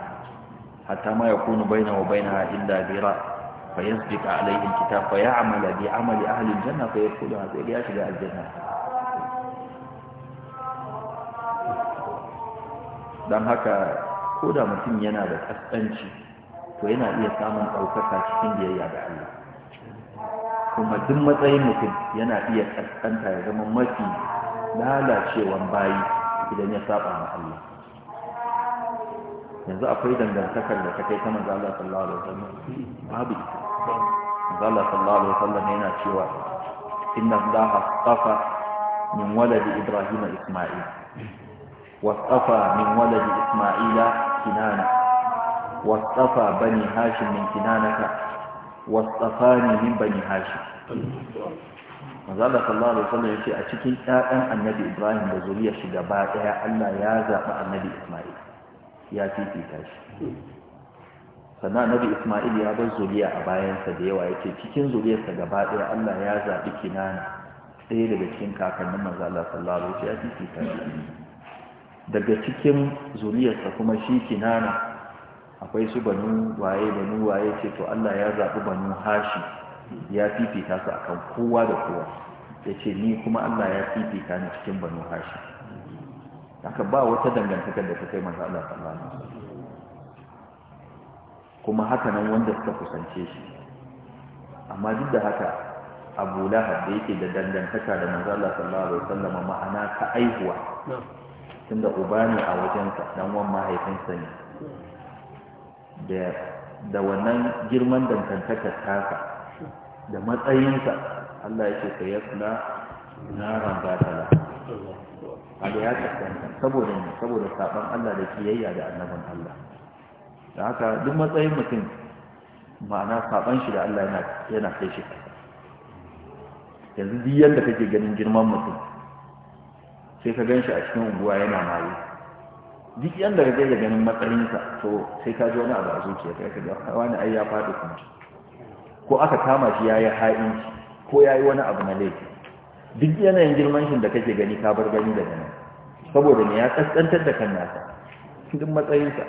hatta ma yakunu bainahu wa bainaha illa dira' fa yasbiq alayhi alkitab fa ya'mala bi amali ahli aljanna fa yadkhulu sai ya shiga aljanna dan haka koda mutum yana da kaskanci to yana iya samun ɗaukaka cikin biyayya da Allah kuma duk matsayin mutum yana iya kasanta ya zama mafi lalacewan bayi idan ya saba ma Allah yanzu akwai dangantakar da ta kai ta manzo Allah sallallahu alaihi wasallam babu manzo Allah sallallahu alaihi wasallam yana cewa inna Allah astafa min waladi Ibrahim Isma'il واصطفى من ولد إسماعيل كنانة واصطفى بني هاشم من كنانة واصطفاني من بني هاشم manzala sallallahu alaihi wasallam yace a cikin ƴaƴan annabi Ibrahim da zuriyar shi gaba ɗaya Allah ya zaɓi annabi Isma'il ya fifita shi sannan nabi isma'il ya bar zuriya a bayansa da yawa yake cikin zuriyarsa gaba ɗaya Allah ya zaɓi kinana ɗaya daga cikin kakannin manzo Allah sallallahu alaihi wasallam ya fifita shi daga cikin zuriyarsa kuma shi kinana akwai su banu waye banu waye ce to Allah ya zaɓi banu hashi ya fifita su akan kowa da kowa yace ni kuma Allah ya fifita ni cikin banu hashi haka ba wata dangantakar da ta kai masa Allah sallallahu alaihi kuma haka nan wanda suka kusance shi amma duk da haka Abu Lahab da yake da dangantaka da manzo Allah sallallahu alaihi wasallam ma'ana ta aihuwa tunda uba ne a wajensa dan wan mahaifinsa ne da da wannan girman dangantakar tasa da matsayinsa Allah yake sayasla naran gatala abu ya tsakanta saboda ne saboda saɓon Allah da kiyayya da annabin Allah da haka duk matsayin mutum ma'ana saɓon shi da Allah yana kai shi kasa yanzu duk yadda kake ganin girman mutum sai ka gan shi a cikin unguwa yana mayu duk yadda kake da ganin matsayinsa to sai ka ji wani abu a zuciya kai ka ga wani ai ya faɗi kuma ko aka kama shi ya yi ha'inci ko ya yi wani abu na laifi duk yanayin girman shi da kake gani ka bar gani daga nan saboda ne ya kaskantar da ta nasa duk matsayinsa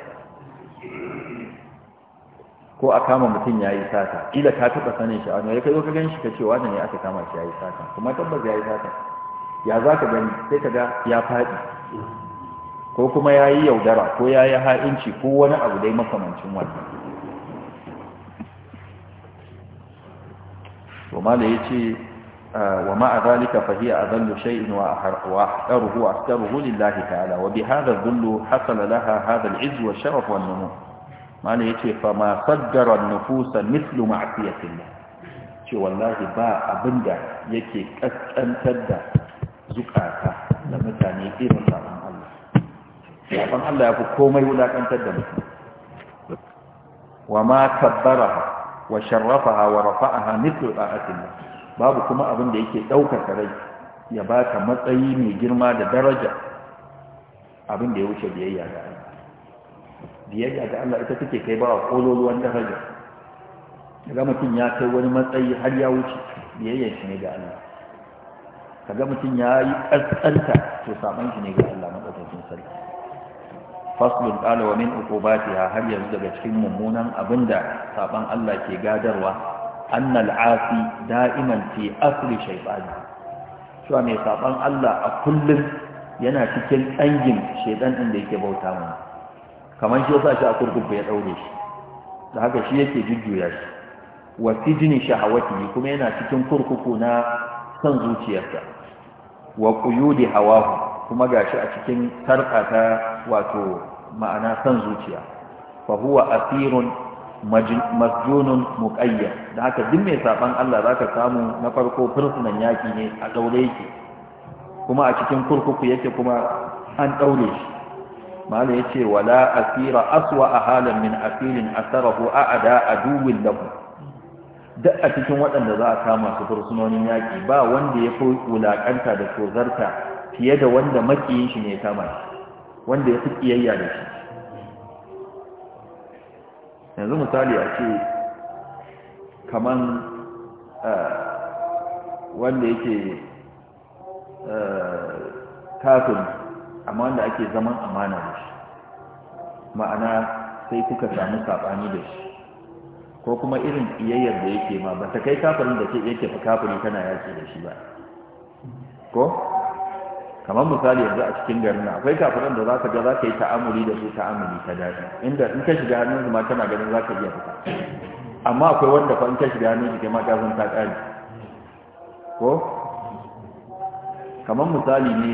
ko a kama mutum ya yi sata ila ka taɓa sanin shi ya zo ka gan shi ka ce wani ne aka kama shi ya yi sata kuma tabbas ya yi sata ya za ka gani sai ka ga ya faɗi ko kuma ya yi yaudara ko ya yi ha'inci ko wani abu dai makamancin wannan to ma da ya ce آه، ومع ذلك فهي أذل شيء وأحتره وأحتره لله تعالى وبهذا الذل حصل لها هذا العز والشرف والنمو ما نيتي فما صدر النفوس مثل معصية الله شو والله با أبندع يكي كتن تدى زكاكا لما تاني في مصار الله فأنا الله يقول كوما يقول لك أن وما كبرها وشرفها ورفعها مثل آئة الله babu kuma abin da yake ɗaukaka rai ya baka matsayi mai girma da daraja abin da ya wuce biyayya ga Allah biyayya ga Allah ita take kai bawa kololuwan daraja daga mutum ya kai wani matsayi har ya wuce biyayya shi ne ga Allah kaga mutum ya yi ƙasƙanta to saban shi ne ga Allah madaukakin sarki faslun qala wa min uqubatiha har yanzu daga cikin mummunan abinda saban Allah ke gadarwa أن العاصي دائما في أصل شيطانه شو أن يصابان الله أكل yana cikin ɗangin shaidan ɗin da yake bauta mana kamar shi yasa shi a kurkuku ya ɗaure shi da haka shi yake jujjuya shi wa shahawati kuma yana cikin kurkuku na son zuciyarsa wa quyudi hawahu kuma gashi a cikin sarƙa wato ma'ana kan zuciya fa asirin. masjunun muƙayya da haka duk mai saɓan Allah za ka samu na farko fursunan yaƙi ne a ɗaure yake kuma a cikin kurkuku yake kuma an ɗaure shi mala ya ce wala asira aswa a halin min asirin asarahu a ada a duwin lahu duk a cikin waɗanda za a kama su fursunonin yaƙi ba wanda ya fi wulaƙanta da tozarta fiye da wanda makiyin shi ne kama shi wanda ya fi ƙiyayya da shi yanzu misali a ce kaman eh, wanda yake eh, kafin amma wanda ake zaman amana da shi ma'ana sai kuka samu saɓani da shi ko kuma irin iyayyar da yake ma ba ta kai kafin da ke yake fa kafin kana yaki da shi ba ko kamar misali yanzu a cikin garin akwai kafiran da za ka ga za ka yi ta'amuli da su ta'amuli ta daɗi inda in ka shiga hannun su ma ganin za ka iya fita amma akwai wanda fa in ka shiga hannun su kai mata sun ta ƙari ko kamar misali ne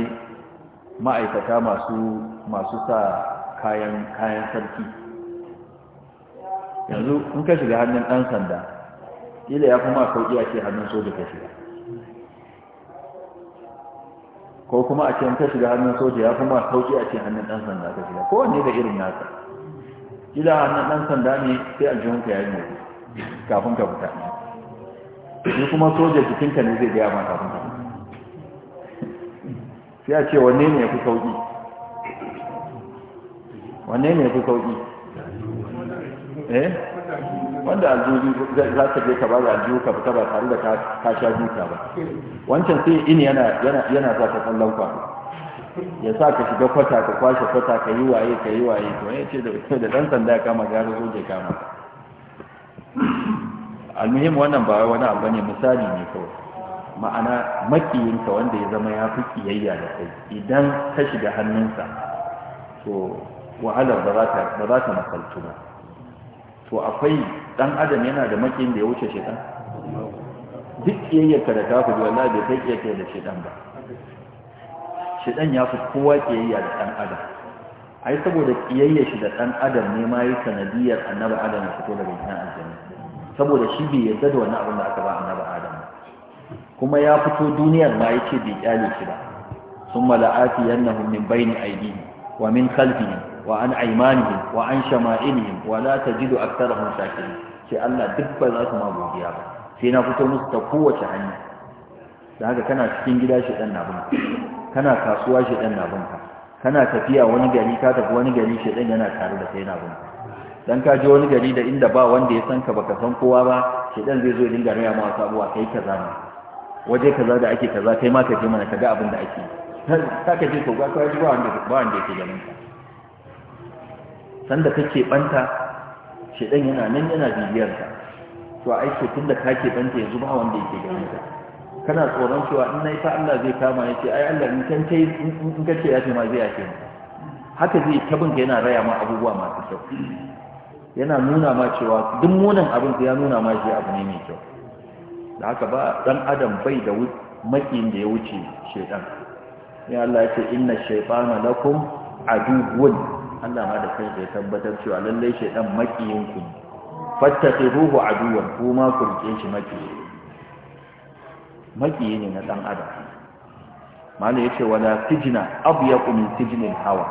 ma'aikata masu masu sa kayan kayan sarki yanzu in ka shiga hannun ɗan sanda kila ya kuma sauƙi a ce hannun soja ka shiga ko kuma a ce in ka shiga hannun soja ya kuma sauki a ce hannun ɗan sanda ka shiga kowanne da irin nasa ila hannun ɗan sanda ne sai aljihunka ya yi motsi kafin ka fita ni kuma soja ka ne zai gaya ma kafin ka fita sai a ce wanne ne ya fi sauki wanne ne ya fi sauki eh wanda aljuhu za ka je ka ba da aljihu ka fita ba tare da ka sha duka ba wancan sai in yana za ka kallon kwa ya sa ka shiga kwata ka kwashe kwata ka yi waye ka yi waye to ya ce da da dan sanda ya kama gara zo je kama almuhim wannan ba wani abu ne misali ne kawai ma'ana makiyinka wanda ya zama ya fi kiyayya da kai idan ka shiga hannunsa to wahalar ba za ta masaltu ba to akwai dan adam yana da makin da ya wuce shedan duk kiyayyarka da kafin wallahi bai kai kiyayyar da shedan ba shedan ya fi kowa kiyayya da dan adam ai saboda kiyayyar shi da dan adam ne ma yi sanadiyar annabi adam ya fito daga cikin aljanna saboda shi bai yarda da wani abin da aka ba annabi adam kuma ya fito duniyar ma yace bai kyale shi ba summa la'ati yanahum min bayni aydihim wa min khalfihi wa an aimanihim wa an shama'ilihim wa la tajidu aktharahum shakirin sai Allah duk ba za su ma ba sai na fito musu ta kowace hanya da haka kana cikin gida shi dan na bunka kana kasuwa shi dan na bunka kana tafiya wani gari ka tafi wani gari shi dan yana tare da kai na bunka ka je wani gari da inda ba wanda ya san ka baka san kowa ba shi zai zo dinga raya ma sabuwa kai kaza ne waje kaza da ake kaza ma ka je mana abin da ake ka je ji ba wanda sanda kake banta shedan yana nan yana bibiyar ka to ai to tunda kake banta yanzu ba wanda yake ganin ka kana tsoron cewa in nayi fa Allah zai kama ce, ai Allah in kan kai in kace ya ce ma zai yake haka zai tabin ka yana raya ma abubuwa masu kyau yana nuna ma cewa duk munin abin da ya nuna ma shi abu ne mai kyau da haka ba dan adam bai da makin da ya wuce shedan ya Allah ya ce inna shaytana lakum aduwwun Allah ma da kai ya tabbatar cewa lallai shaydan makiyin ku fattakhiruhu aduwan kuma ku rike shi makiyi makiyi ne na dan adam malai yace wala tijna abyaqu min tijnil hawa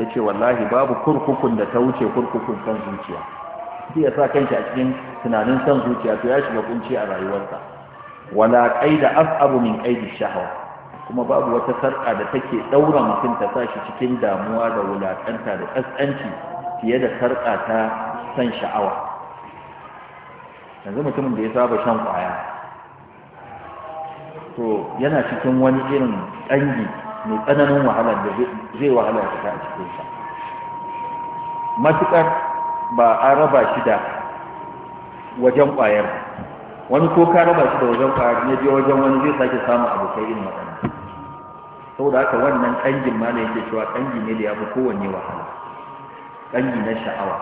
yace wallahi babu kurkukun da ta wuce kurkukun san zuciya shi ya sa kanshi a cikin tunanin san zuciya to ya shiga kunci a rayuwarsa wala qaida asabu min qaidi shahwa kuma babu wata sarƙa da take ɗaura mutum ta sa shi cikin damuwa da wulaƙanta da ƙasƙanci fiye da sarƙa ta san sha'awa yanzu mutumin da ya saba shan ƙwaya to yana cikin wani irin ƙangi mai tsananin wahala da zai wahala ya fita a cikin sa matuƙar ba a raba shi da wajen ƙwayar wani ko ka raba shi da wajen kwari ya je wajen wani zai sake samun abokai irin waɗannan saboda haka wannan ƙangin ma yake cewa ƙangi ne da ya fi kowanne wahala ƙangi na sha'awa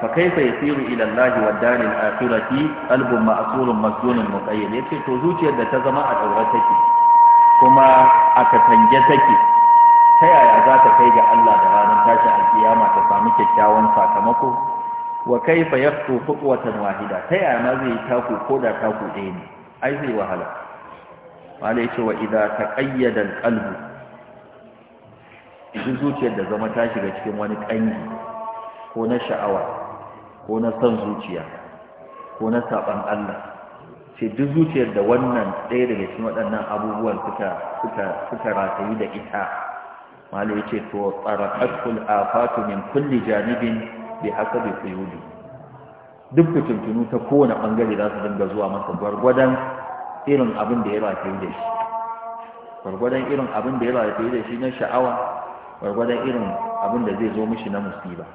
fa kaifa yasiru ila Allah wa daril akhirati qalbun ma'surun masjunun muqayyad yace to zuciyar da ta zama a daura take kuma a katange take ta yaya za ta kai ga Allah da ranar tashi alkiyama ta samu kyakkyawan sakamako wa kaifa yaqtu khutwatan wahida ta yaya ma zai taku ko da taku ɗaya ne ai zai wahala wala ce wa idan ta taqayyada alqalbu idan zuciyar da zama ta shiga cikin wani ƙangi, ko na sha'awa ko na son zuciya ko na saɓan Allah ce duk zuciyar da wannan ɗaya daga cikin waɗannan abubuwan suka suka suka ratayi da ita malai yace to a afatu min kulli janibin bi hasabi suyudi duk tuntunu ta kowane bangare za su dinga zuwa masa gwargwadon irin abin da ya rafe da shi gwargwadon irin abin da ya rafe da shi na sha'awa gwargwadon irin abin da zai zo mishi na musiba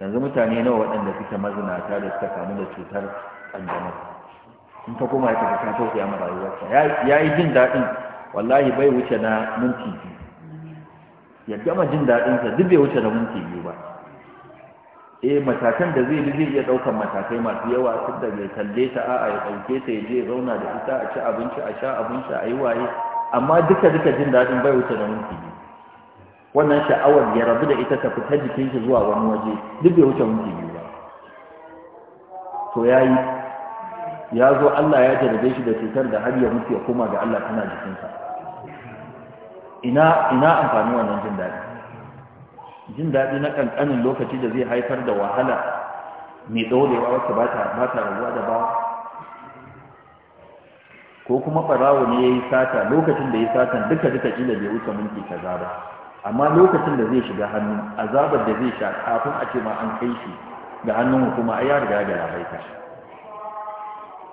yanzu mutane nawa waɗanda suke mazinata da suka kamu da cutar ƙanjamau in ka koma ya tafi ka tausaya ma rayuwarsa ya yi jin daɗin wallahi bai wuce na minti biyu ya gama jin daɗinsa duk bai wuce na minti biyu ba eh matakan da zai bi zai iya ɗaukan matakai masu yawa tun da ya kalle ta a'a ya dauke ta ya je ya zauna da ita a ci abinci a sha abinci a yi waye amma duka duka jin daɗin bai wuce da minti biyu wannan sha'awar ya rabu da ita ta fita jikin shi zuwa wani waje duk bai wuce minti biyu ba to ya yi ya zo Allah ya jarabe shi da cutar da har ya mutu ya koma ga Allah tana jikinsa ina ina amfani wannan jin daɗi jin daɗi na ƙanƙanin lokaci da zai haifar da wahala mai ɗorewa wacce ba ta rabuwa da bawa ko kuma ɓarawo ne ya yi sata lokacin da ya sata duka duka ƙila bai wuce minti kaza ba amma lokacin da zai shiga hannu azabar da zai sha kafin a ce ma an kai shi ga hannun hukuma a ya riga da galabaita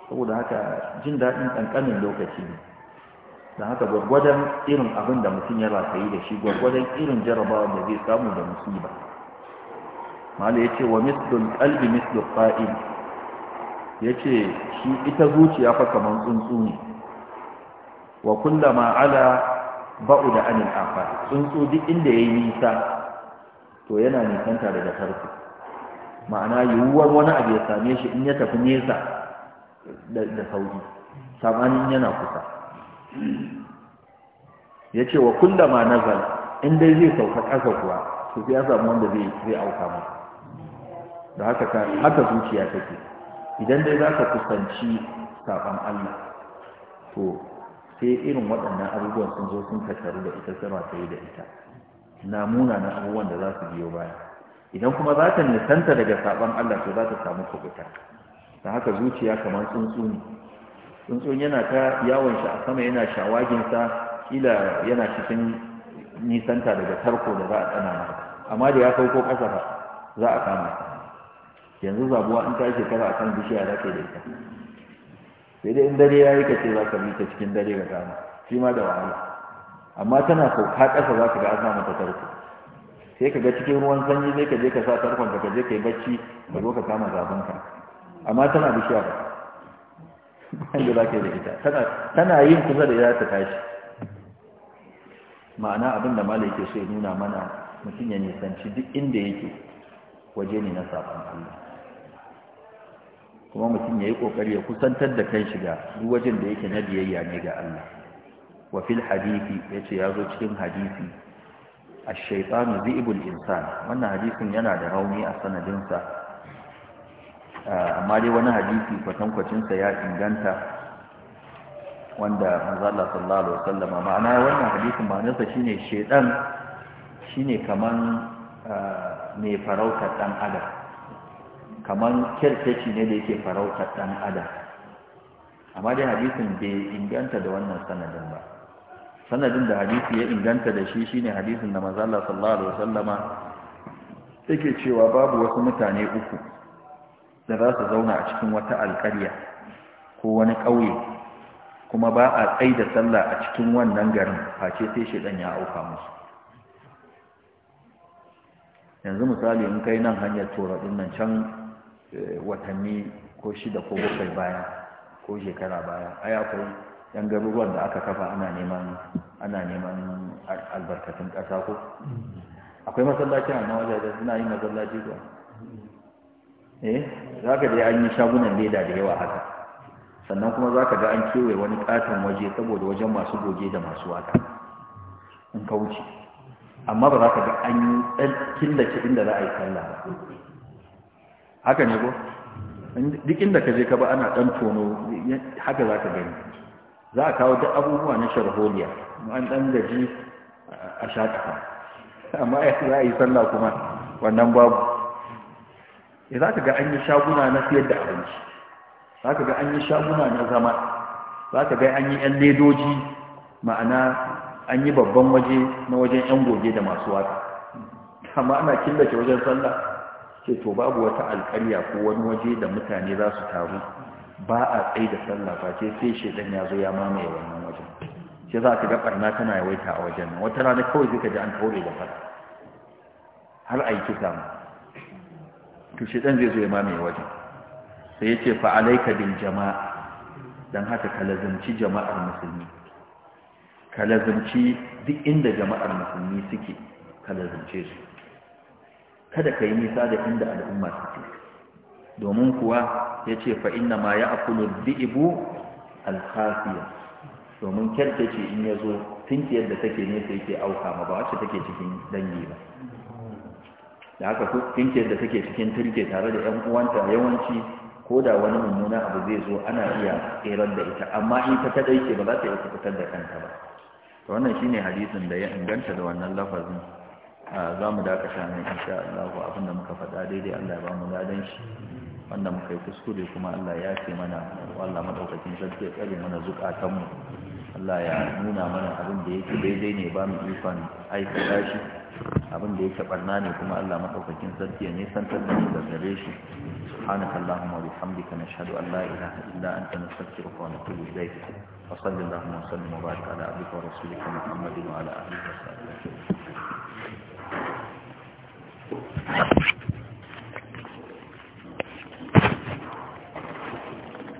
saboda haka jin daɗin ƙanƙanin lokaci ne don haka gwargwadon irin abin da mutum ya ratayi da shi gwargwadon irin jarabawa da zai samu da musiba mala ya ce wa mislun kalbi mislun fa'il ya ce shi ita zuciya fa kamar tsuntsu ne wa kullama ala ba'u da anil afa tsuntsu duk inda ya yi nisa to yana nisanta daga tarko ma'ana yiwuwar wani abu ya same shi in ya tafi nesa da sauri. sabanin yana kusa ya ce wa kullama nazar inda dai zai sauka ƙasa kuwa to sai ya samu wanda zai auka mu da haka ka haka zuciya take idan dai za ka kusanci saɓan Allah to sai irin waɗannan abubuwan sun zo sun tattaru da ita sama ta yi da ita na na abubuwan da za su biyo baya idan kuma za ta nisanta daga saban Allah to za ta samu kubuta da haka zuciya kamar tsuntsu ne tsuntsun yana ta yawon shi a sama yana shawaginsa ila yana cikin nisanta daga tarko da za a tsana masa amma da ya sauko ƙasa ba za a kama yanzu zabuwa in ta shekara a kan bishiya za ka yi da ita sai dai in dare ya yi ka ce za ka bi ta cikin dare ga kama shi ma da wahala amma tana sauka ƙasa za ka ga an sa mata tarko sai ka ga cikin ruwan sanyi sai ka je ka sa tarkon ka je ka yi bacci ka zo ka kama zabinka amma tana bishiya ba wanda ba ke da ita tana yin kusa da ita ta tashi ma'ana abin da malai ke so ya nuna mana mutum ya nisanci duk inda yake waje ne na sabon Allah kuma mutum ya yi ƙoƙari ya kusantar da kan shiga duk wajen da yake na biyayya ne ga Allah Wafil fil hadisi ya ce ya zo cikin hadisi a shaitanu zibul insan wannan hadisin yana da rauni a sanadinsa amma dai wani hadisi kwatankwacinsa ya inganta wanda manzala sallallahu alaihi wasallam ma'ana wannan hadisin ma'anarsa shine shedan shine kaman ah, mai farautar dan adam kaman kirkeci ne da yake farautar dan adam amma dai hadisin bai inganta da wannan sanadin ba sanadin da hadisi ya inganta da shi shine hadisin da manzala sallallahu alaihi wasallama yake cewa babu wasu mutane uku da za su zauna a cikin wata alƙarya ko wani ƙauye kuma ba a tsaye da sallah a cikin wannan garin face sai ɗan ya auka musu yanzu misali in kai nan hanyar tora nan can eh, watanni ko shida ko bakwai baya ko shekara baya ai akwai yan garuruwan da aka kafa ana neman ana neman albarkatun ƙasa ko mm. akwai masallaci a nan wajen suna yi masallaci zuwa eh za ka je an yi shagunan leda da yawa haka sannan kuma za ka ga an kewaye wani katon waje saboda wajen masu goge da masu waka in ka wuce amma ba za ka ga an yi killace inda za a yi sallah ba haka ne ko duk inda ka je ka ba ana dan tono haka za ka gani za a kawo duk abubuwa na sharholiya an dan gaji a shaƙa amma za a yi sallah kuma wannan babu ya eh, za ka ga an yi shaguna na fiye da abinci za ka ga an yi shaguna na zama za ka ga an yi 'yan ledoji ma'ana an yi babban waje na wajen 'yan goge da masu wata amma ana killace wajen sallah ce to babu wata alkariya ko wani waje da mutane za su taru ba a tsaye da sallah ba ce sai shedan ya zo ya mamaye wannan wajen sai za ka ga barna tana yawaita a wajen wata rana kawai zai ka ji an kaure da fara har a yi kisa to shedan zai zo ya mamaye waje? sai yace fa alayka bil jama'a dan haka ka lazimci jama'ar musulmi ka lazimci duk inda jama'ar musulmi suke ka su kada ka yi nisa da inda al'umma suke domin kuwa yace fa inna ma ya dhi'bu al-khafiya domin kyarta ce in yazo tinkiyar da take nesa yake auka ma ba wacce take cikin dangi ba da haka kinkiyar da take cikin turke tare da 'yan uwanta yawanci ko da wani mummunan abu zai zo ana iya tserar da ita amma in ta ta ce ba za ta iya fitar da kanta ba to wannan shine hadisin da ya inganta da wannan lafazin za mu dakata nan insha Allah abin da muka faɗa daidai Allah ya ba mu ladan shi wanda muka yi kuskure kuma Allah ya ce mana Allah madaukakin sarki ya tsare mana zukatan mu Allah ya nuna mana abin da yake daidai ne ba mu ikon aikata shi abin da yake barna ne kuma Allah madaukakin sarki ya nisantar da mu da gare shi subhanaka allahumma wa bihamdika nashhadu an la ilaha illa anta nastaghfiruka wa natubu ilayk wa sallallahu wa sallim wa barik ala abdika wa rasulika muhammadin wa ala alihi wa sahbihi Thank